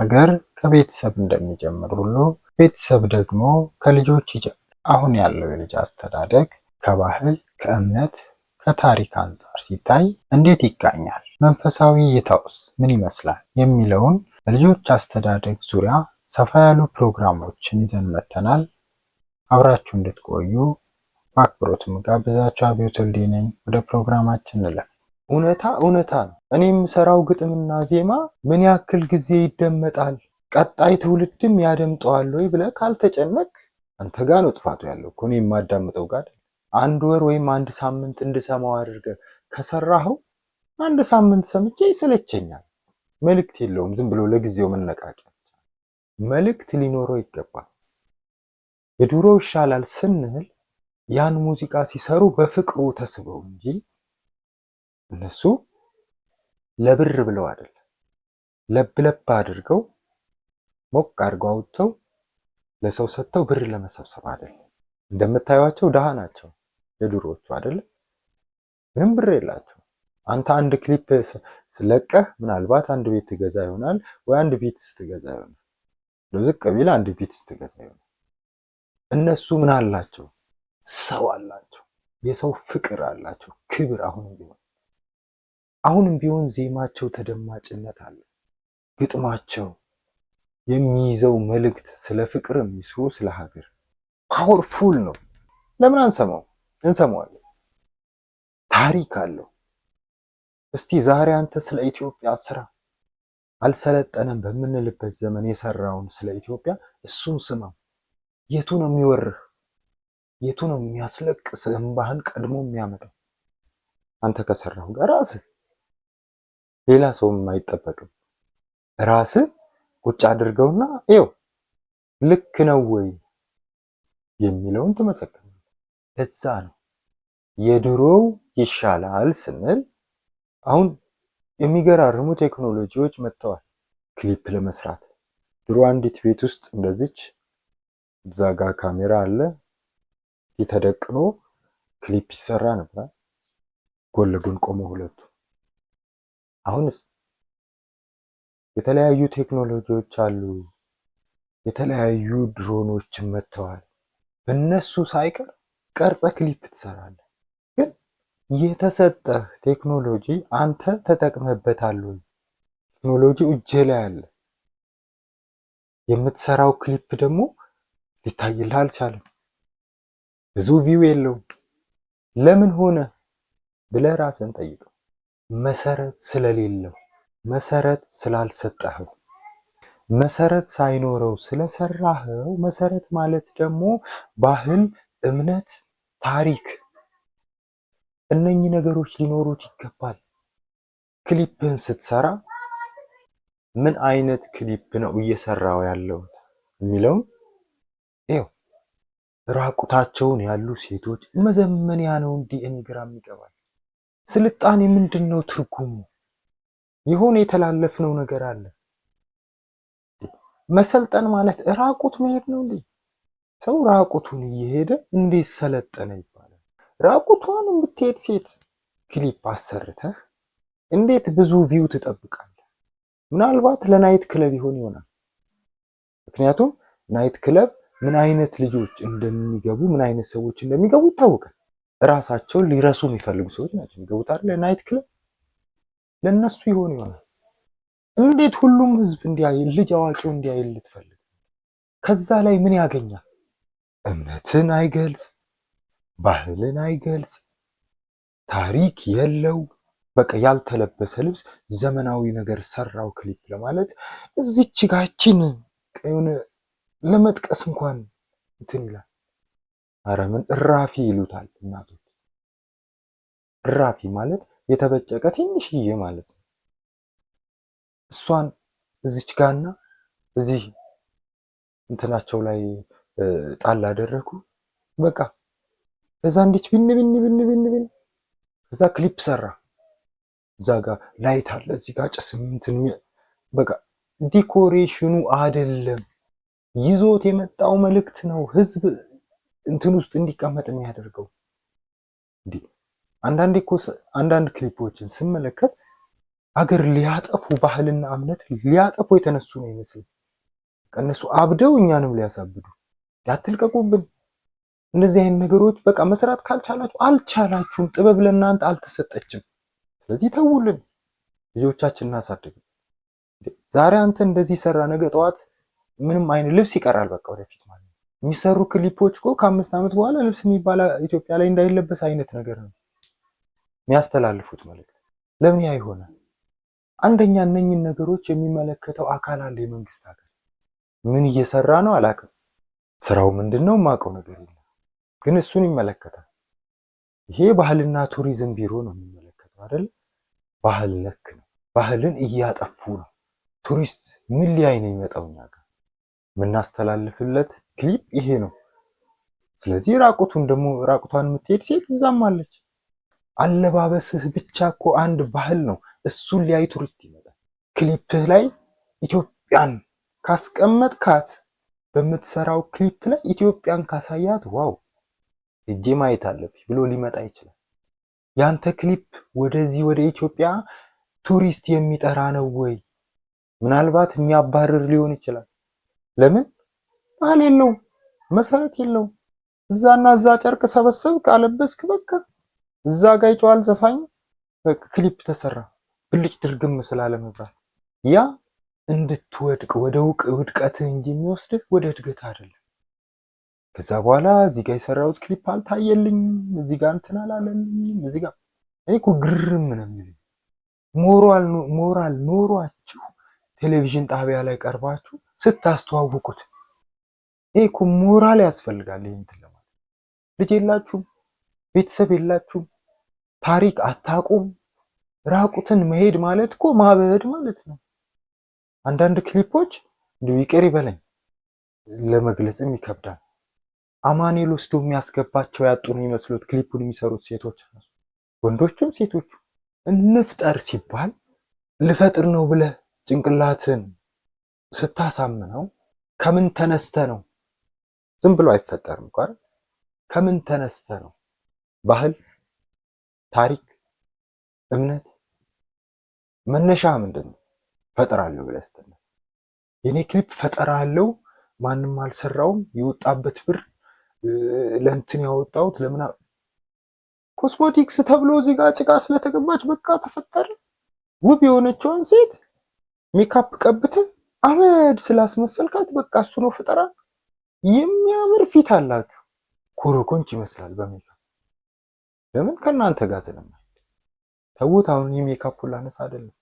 ነገር ከቤተሰብ እንደሚጀምር ሁሉ ቤተሰብ ደግሞ ከልጆች ይጀምር። አሁን ያለው የልጅ አስተዳደግ ከባህል ከእምነት ከታሪክ አንጻር ሲታይ እንዴት ይቃኛል? መንፈሳዊ እይታውስ ምን ይመስላል? የሚለውን በልጆች አስተዳደግ ዙሪያ ሰፋ ያሉ ፕሮግራሞችን ይዘን መጥተናል። አብራችሁ እንድትቆዩ በአክብሮት ምጋብዛችሁ አብዮት ወልዴ ነኝ። ወደ ፕሮግራማችን እንለፍ። እውነታ እውነታ ነው። እኔ የምሰራው ግጥምና ዜማ ምን ያክል ጊዜ ይደመጣል፣ ቀጣይ ትውልድም ያደምጠዋል ወይ ብለህ ካልተጨነቅ አንተ ጋ ነው ጥፋቱ ያለው እኮ እኔ የማዳምጠው ጋር አንድ ወር ወይም አንድ ሳምንት እንድሰማው አድርገህ ከሰራኸው አንድ ሳምንት ሰምቼ ይሰለቸኛል። መልእክት የለውም። ዝም ብሎ ለጊዜው መነቃቂያ መልእክት ሊኖረው ይገባል። የድሮው ይሻላል ስንል ያን ሙዚቃ ሲሰሩ በፍቅሩ ተስበው እንጂ እነሱ ለብር ብለው አይደለም ለብ ለብ አድርገው ሞቅ አድርገው አውጥተው ለሰው ሰጥተው ብር ለመሰብሰብ አይደለም። እንደምታዩቸው ድሃ ናቸው የድሮዎቹ አይደለም። ምንም ብር የላቸው። አንተ አንድ ክሊፕ ስለቀህ ምናልባት አንድ ቤት ትገዛ ይሆናል ወይ አንድ ቢትስ ትገዛ ይሆናል ዝቅ ቢል አንድ ቢትስ ትገዛ ይሆናል። እነሱ ምን አላቸው? ሰው አላቸው። የሰው ፍቅር አላቸው። ክብር አሁንም ቢሆን አሁንም ቢሆን ዜማቸው ተደማጭነት አለው። ግጥማቸው የሚይዘው መልእክት ስለ ፍቅር የሚስሩ ስለ ሀገር ፓወርፉል ነው። ለምን አንሰማው? እንሰማዋለን። ታሪክ አለው። እስቲ ዛሬ አንተ ስለ ኢትዮጵያ ስራ አልሰለጠነም በምንልበት ዘመን የሰራውን ስለ ኢትዮጵያ እሱን ስማ። የቱ ነው የሚወርህ? የቱ ነው የሚያስለቅስ? እንባህን ቀድሞ የሚያመጣው አንተ ከሰራው ጋር ራስህ ሌላ ሰውም አይጠበቅም። ራስ ቁጭ አድርገውና ይኸው ልክ ነው ወይ የሚለውን ተመሰከረ። ለዛ ነው የድሮው ይሻላል ስንል አሁን የሚገራርሙ ቴክኖሎጂዎች መጥተዋል። ክሊፕ ለመስራት ድሮ አንዲት ቤት ውስጥ እንደዚች እዛ ጋ ካሜራ አለ የተደቅኖ ክሊፕ ይሰራ ነበር። ጎን ለጎን ቆመ ሁለቱ አሁንስ የተለያዩ ቴክኖሎጂዎች አሉ። የተለያዩ ድሮኖች መጥተዋል። እነሱ ሳይቀር ቀርጸ ክሊፕ ትሰራለህ። ግን የተሰጠህ ቴክኖሎጂ አንተ ተጠቅመበታል ወይ? ቴክኖሎጂ እጅህ ላይ አለ። የምትሰራው ክሊፕ ደግሞ ሊታይልህ አልቻለም። ብዙ ቪው የለውም። ለምን ሆነ ብለህ ራስን ጠይቅ። መሰረት ስለሌለው መሰረት ስላልሰጠኸው መሰረት ሳይኖረው ስለሰራኸው መሰረት ማለት ደግሞ ባህል፣ እምነት፣ ታሪክ እነኚህ ነገሮች ሊኖሩት ይገባል። ክሊፕን ስትሰራ ምን አይነት ክሊፕ ነው እየሰራው ያለው የሚለውን ይኸው ራቁታቸውን ያሉ ሴቶች መዘመንያ ነው እንዲህ እኔ ግራም ይገባል። ስልጣኔ ምንድን ነው ትርጉሙ? የሆነ የተላለፍነው ነገር አለ። መሰልጠን ማለት ራቁት መሄድ ነው እንዴ? ሰው ራቁቱን እየሄደ እንዴት ሰለጠነ ይባላል? ራቁቷን የምትሄድ ሴት ክሊፕ አሰርተህ እንዴት ብዙ ቪው ትጠብቃለህ? ምናልባት ለናይት ክለብ ይሆን ይሆናል። ምክንያቱም ናይት ክለብ ምን አይነት ልጆች እንደሚገቡ ምን አይነት ሰዎች እንደሚገቡ ይታወቃል። እራሳቸውን ሊረሱ የሚፈልጉ ሰዎች ናቸው የሚገቡት ለናይት ናይት ክለብ ለእነሱ ይሆን ይሆናል። እንዴት ሁሉም ህዝብ እንዲያይ ልጅ አዋቂው እንዲያይ ልትፈልግ? ከዛ ላይ ምን ያገኛል? እምነትን አይገልጽ፣ ባህልን አይገልጽ፣ ታሪክ የለው። በቃ ያልተለበሰ ልብስ ዘመናዊ ነገር ሰራው ክሊፕ ለማለት እዚች ጋችን ቀዩን ለመጥቀስ እንኳን እንትን ይላል። አረምን እራፊ ይሉታል እናቶች። ራፊ ማለት የተበጨቀ ትንሽዬ ማለት ነው። እሷን እዚች ጋና እዚህ እንትናቸው ላይ ጣል አደረኩ። በቃ እዛ እንዲች ብን ብን ብን ብን ብን እዛ ክሊፕ ሰራ። እዛ ጋር ላይት አለ፣ እዚህ ጋር ጭስ እንትን በቃ ዲኮሬሽኑ አይደለም ይዞት የመጣው መልእክት ነው። ህዝብ እንትን ውስጥ እንዲቀመጥ የሚያደርገው እንዴ አንዳንዴ እኮ አንዳንድ ክሊፖችን ስመለከት አገር ሊያጠፉ ባህልና እምነት ሊያጠፉ የተነሱ ነው ይመስል ከእነሱ አብደው እኛንም ሊያሳብዱ ያትልቀቁብን። እንደዚህ አይነት ነገሮች በቃ መስራት ካልቻላችሁ አልቻላችሁም፣ ጥበብ ለእናንተ አልተሰጠችም። ስለዚህ ተውልን፣ ልጆቻችን እናሳድግም። ዛሬ አንተ እንደዚህ ሰራ፣ ነገ ጠዋት ምንም አይነት ልብስ ይቀራል። በቃ ወደፊት ማለት ነው የሚሰሩ ክሊፖች እኮ ከአምስት ዓመት በኋላ ልብስ የሚባል ኢትዮጵያ ላይ እንዳይለበስ አይነት ነገር ነው። የሚያስተላልፉት መልእክት ለምን ያ ይሆነ? አንደኛ እነኝን ነገሮች የሚመለከተው አካል አለ። የመንግስት አካል ምን እየሰራ ነው አላቅም። ስራው ምንድን ነው የማውቀው ነገር የለም፣ ግን እሱን ይመለከታል። ይሄ ባህልና ቱሪዝም ቢሮ ነው የሚመለከተው አይደል? ባህል ነክ ነው። ባህልን እያጠፉ ነው። ቱሪስት ምን ሊያይ ነው የሚመጣው? እኛ ጋር የምናስተላልፍለት ክሊፕ ይሄ ነው። ስለዚህ ራቁቱን ደግሞ ራቁቷን የምትሄድ ሴት እዛም አለች። አለባበስህ ብቻ እኮ አንድ ባህል ነው። እሱን ሊያይ ቱሪስት ይመጣል። ክሊፕህ ላይ ኢትዮጵያን ካስቀመጥካት፣ በምትሰራው ክሊፕ ላይ ኢትዮጵያን ካሳያት፣ ዋው እጄ ማየት አለብኝ ብሎ ሊመጣ ይችላል። ያንተ ክሊፕ ወደዚህ ወደ ኢትዮጵያ ቱሪስት የሚጠራ ነው ወይ? ምናልባት የሚያባርር ሊሆን ይችላል። ለምን ባህል የለውም፣ መሰረት የለውም። እዛና እዛ ጨርቅ ሰበሰብክ አለበስክ፣ በቃ እዛ ጋ ይጨዋል ዘፋኝ ክሊፕ ተሰራ ብልጭ ድርግም ስላለመባል ያ እንድትወድቅ ወደ ውድቀት እንጂ የሚወስድህ ወደ እድገት አይደለም። ከዛ በኋላ እዚህ ጋር የሰራሁት ክሊፕ አልታየልኝም፣ እዚህ ጋ እንትን አላለልኝም፣ እዚህ ጋር እኔ እኮ ግርም ነው የሚለኝ። ሞራል ሞራል ኖሯችሁ ቴሌቪዥን ጣቢያ ላይ ቀርባችሁ ስታስተዋውቁት ይሄ እኮ ሞራል ያስፈልጋል። ይሄ እንትን ለማለት ልጅ የላችሁም፣ ቤተሰብ የላችሁም፣ ታሪክ አታቁም። ራቁትን መሄድ ማለት እኮ ማበድ ማለት ነው። አንዳንድ ክሊፖች እንዲሁ ይቅር ይበለኝ ለመግለጽም ይከብዳል። አማኔል ወስዶ የሚያስገባቸው ያጡ ነው የሚመስሉት ክሊፑን የሚሰሩት ሴቶች ራሱ ወንዶቹም ሴቶቹ። እንፍጠር ሲባል ልፈጥር ነው ብለህ ጭንቅላትን ስታሳምነው ከምን ተነስተ ነው? ዝም ብሎ አይፈጠርም። ከምን ተነስተ ነው ባህል ታሪክ፣ እምነት መነሻ ምንድን ነው? ፈጠራለሁ ብለህ ስትነሳ የኔ ክሊፕ ፈጠራ አለው ማንም አልሰራውም የወጣበት ብር ለእንትን ያወጣሁት ለምን ኮስሞቲክስ ተብሎ እዚህ ጋር ጭቃ ስለተገባች በቃ ተፈጠረ። ውብ የሆነችዋን ሴት ሜካፕ ቀብተ አመድ ስላስመሰልካት በቃ እሱ ነው ፈጠራ። የሚያምር ፊት አላችሁ፣ ኮረኮንች ይመስላል በሜካፕ ለምን ከእናንተ ጋር ስለማይሄድ ተዉት። አሁን ነስ ላነሳ አይደለም።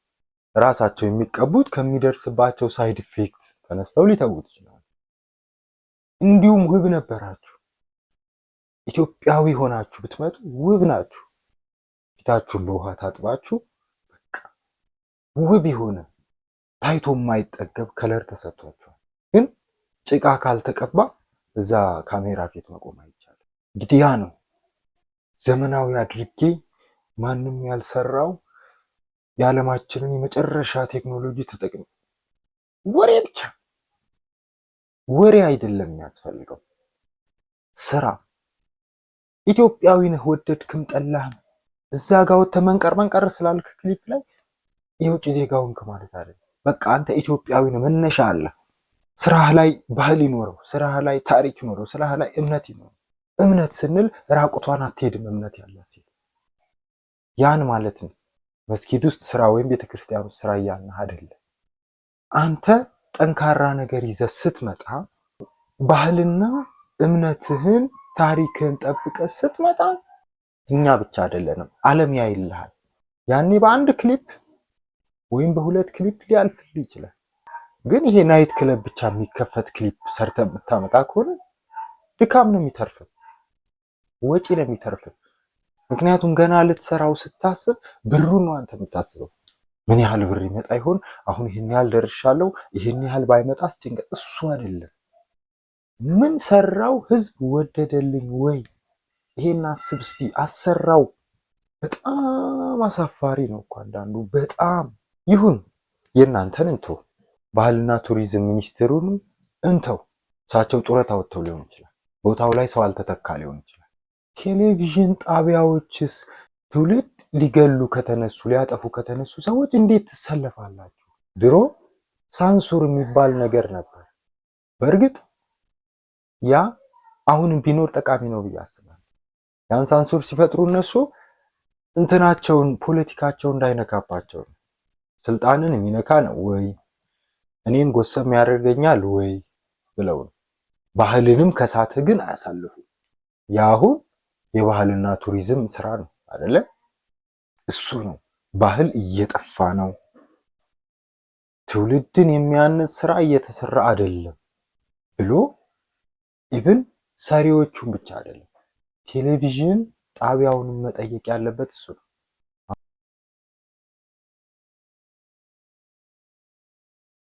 ራሳቸው የሚቀቡት ከሚደርስባቸው ሳይድ ኢፌክት ተነስተው ሊተውት ይችላሉ። እንዲሁም ውብ ነበራችሁ ኢትዮጵያዊ ሆናችሁ ብትመጡ ውብ ናችሁ። ፊታችሁን በውሃ ታጥባችሁ በቃ ውብ የሆነ ታይቶ የማይጠገብ ከለር ተሰጥቷችኋል። ግን ጭቃ ካልተቀባ እዛ ካሜራ ፊት መቆም አይቻልም። እንግዲህ ያ ነው ዘመናዊ አድርጌ ማንም ያልሰራው የዓለማችንን የመጨረሻ ቴክኖሎጂ ተጠቅሜ ወሬ ብቻ ወሬ አይደለም የሚያስፈልገው፣ ስራ። ኢትዮጵያዊ ነህ ወደድክም ጠላህም፣ እዛ ጋ ወጥተህ መንቀር መንቀር ስላልክ ክሊፕ ላይ የውጭ ዜጋ ሆንክ ማለት አይደለም። በቃ አንተ ኢትዮጵያዊ ነህ፣ መነሻ አለ። ስራህ ላይ ባህል ይኖረው፣ ስራህ ላይ ታሪክ ይኖረው፣ ስራህ ላይ እምነት ይኖረው። እምነት ስንል ራቁቷን አትሄድም። እምነት ያላት ሴት ያን ማለት ነው። መስጊድ ውስጥ ስራ ወይም ቤተክርስቲያን ውስጥ ስራ እያልን አይደለም። አንተ ጠንካራ ነገር ይዘህ ስትመጣ ባህልና እምነትህን ታሪክህን ጠብቀህ ስትመጣ እኛ ብቻ አይደለንም፣ ዓለም ያይልሃል። ያኔ በአንድ ክሊፕ ወይም በሁለት ክሊፕ ሊያልፍልህ ይችላል። ግን ይሄ ናይት ክለብ ብቻ የሚከፈት ክሊፕ ሰርተህ የምታመጣ ከሆነ ድካም ነው የሚተርፍህ። ወጪ ነው ምክንያቱም ገና ልትሰራው ስታስብ ብሩን ነው አንተ የምታስበው። ምን ያህል ብር ይመጣ ይሆን? አሁን ይህን ያህል ደርሻለሁ፣ ይህን ያህል ባይመጣስ ጭንቀት። እሱ አይደለም ምን ሰራው፣ ህዝብ ወደደልኝ ወይ? ይሄን አስብ እስቲ። አሰራው በጣም አሳፋሪ ነው እኮ አንዳንዱ። በጣም ይሁን የእናንተን እንተው፣ ባህልና ቱሪዝም ሚኒስትሩንም እንተው። እሳቸው ጡረታ ወጥተው ሊሆን ይችላል፣ ቦታው ላይ ሰው አልተተካ ሊሆን ይችላል። ቴሌቪዥን ጣቢያዎችስ ትውልድ ሊገሉ ከተነሱ ሊያጠፉ ከተነሱ ሰዎች እንዴት ትሰለፋላችሁ? ድሮ ሳንሱር የሚባል ነገር ነበር። በእርግጥ ያ አሁንም ቢኖር ጠቃሚ ነው ብዬ አስባለሁ። ያን ሳንሱር ሲፈጥሩ እነሱ እንትናቸውን ፖለቲካቸውን እንዳይነካባቸው ነው። ስልጣንን የሚነካ ነው ወይ እኔን ጎሰም ያደርገኛል ወይ ብለው ነው። ባህልንም ከሳተ ግን አያሳልፉ። የአሁን የባህልና ቱሪዝም ስራ ነው አይደለ? እሱ ነው። ባህል እየጠፋ ነው። ትውልድን የሚያንጽ ስራ እየተሰራ አይደለም ብሎ ኢቭን ሰሪዎቹን ብቻ አይደለም ቴሌቪዥን ጣቢያውን መጠየቅ ያለበት እሱ ነው።